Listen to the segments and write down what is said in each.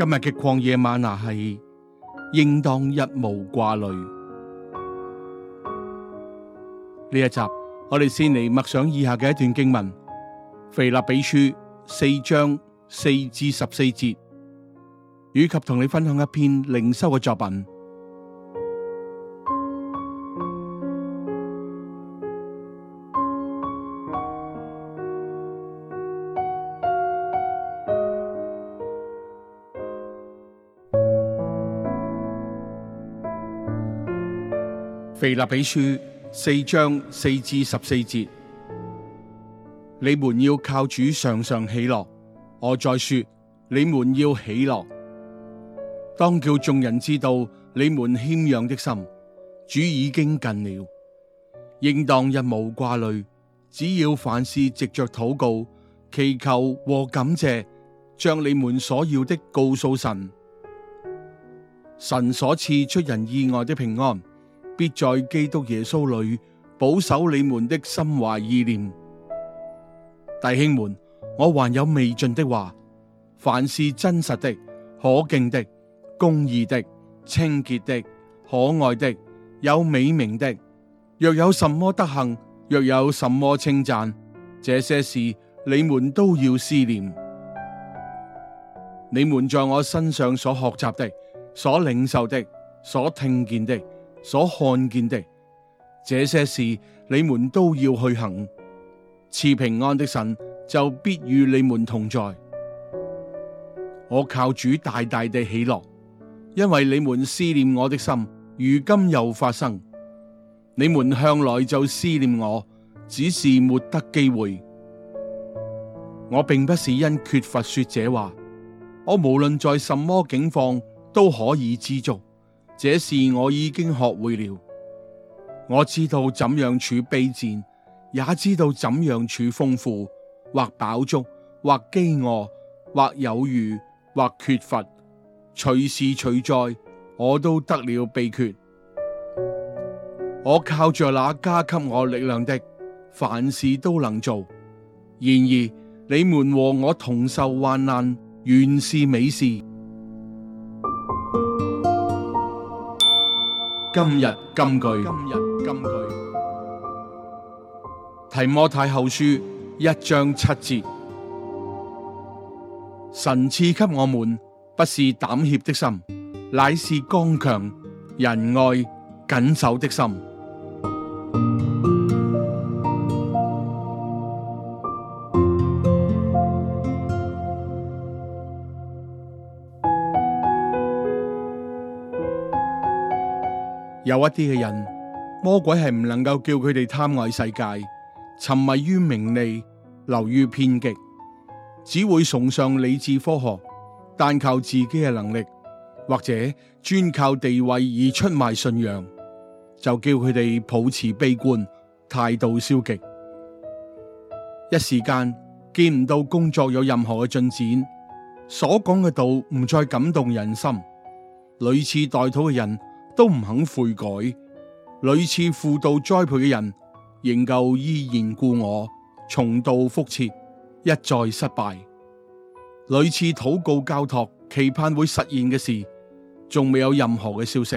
今日嘅曠野嗎哪，係應當一無掛慮。呢一集，我哋先嚟默想以下嘅一段經文：腓立比書四章四至十四節，以及同你分享一篇靈修嘅作品。腓立比書四章四至十四節，你們要靠主常常喜樂。我再說，你們要喜樂。當叫眾人知道你們謙讓的心，主已經近了。應當一無掛慮，只要凡事藉着禱告、祈求和感謝，將你們所要的告訴神。神所賜出人意外的平安。必在基督耶穌裏保守你們的心懷意念，弟兄們，我還有未盡的話：凡事真實的、可敬的、公義的、清潔的、可愛的、有美名的，若有什麼德行，若有什麼稱讚，這些事你們都要思念。你們在我身上所學習的、所領受的、所聽見的。所看見的這些事，你們都要去行。賜平安的神就必與你們同在。我靠主大大地喜樂，因為你們思念我的心，如今又發生。你們向來就思念我，只是沒得機會。我並不是因缺乏說這話，我無論在什麼境況都可以知足。這事我已經學會了，我知道怎樣處卑賤，也知道怎樣處豐富，或飽足，或飢餓，或有餘，或缺乏，隨時隨在，我都得了秘訣。我靠着那加給我力量的，凡事都能做。然而你們和我同受患難，原是美事。今日金句，今日金句，提摩太後書一章七節，神賜給我們不是膽怯的心，乃是剛強、仁愛、謹守的心。有一啲嘅人，魔鬼係唔能夠叫佢哋貪愛世界，沉迷於名利，流於偏激，只會崇尚理智科學，單靠自己嘅能力，或者專靠地位而出賣信仰，就叫佢哋抱持悲觀態度消極。一時間見唔到工作有任何嘅進展，所講嘅道唔再感動人心，屢次待討嘅人。都唔肯悔改，屢次輔導栽培嘅人，仍舊依然故我，重蹈覆轍，一再失敗。屢次禱告交託，期盼會實現嘅事，仲未有任何嘅消息。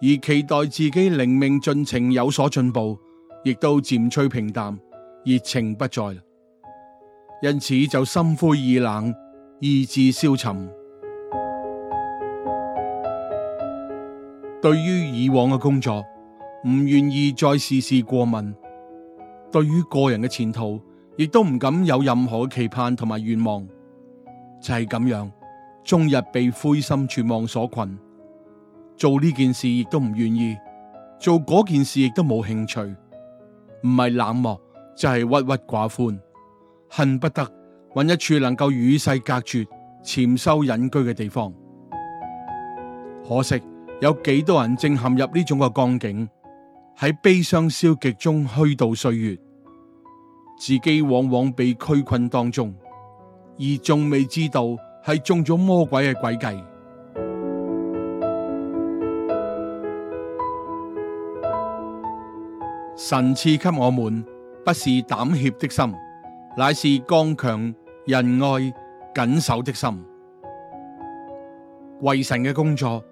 而期待自己靈命進程有所進步，亦都漸趨平淡，熱情不再，因此就心灰意冷，意志消沉。對於以往嘅工作唔願意再事事過問，對於個人嘅前途亦都唔敢有任何嘅期盼同埋願望，就係咁樣，終日被灰心絕望所困，做呢件事亦都唔願意，做嗰件事亦都冇興趣，唔係冷漠，就係鬱鬱寡歡，恨不得搵一處能夠與世隔絕、潛修隱居嘅地方，可惜。有幾多人正陷入呢種嘅光景，喺悲傷消極中虛度歲月，自己往往被驅困當中，而仲未知道係中咗魔鬼嘅詭計。神賜給我們不是膽怯的心，乃是剛強仁愛謹守的心，為神嘅工作，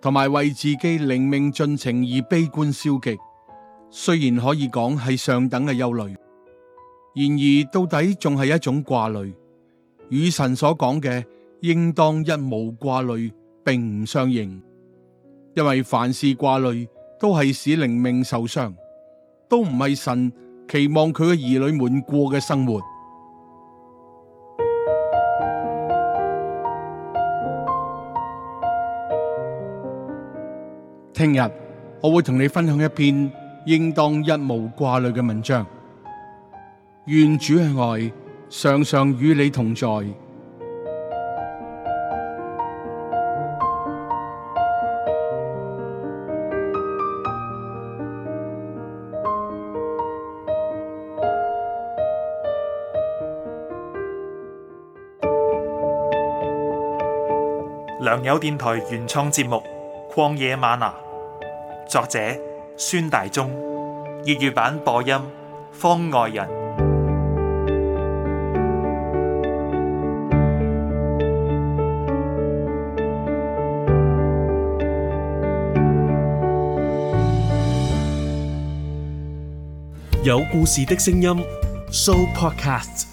同埋為自己靈命盡情而悲觀消極，雖然可以講係上等嘅憂慮，然而到底仲係一種掛慮。與神所講嘅應當一無掛慮並唔相應，因為凡事掛慮都係使靈命受傷，都唔係神期望佢嘅兒女們過嘅生活。聽日我會同你分享一篇應當一無掛慮嘅文章。願主嘅愛常常與你同在。良友電台原創節目《曠野嗎哪》。作者：孫大中，粵語版播音：方外人。有故事的聲音，Show Podcast。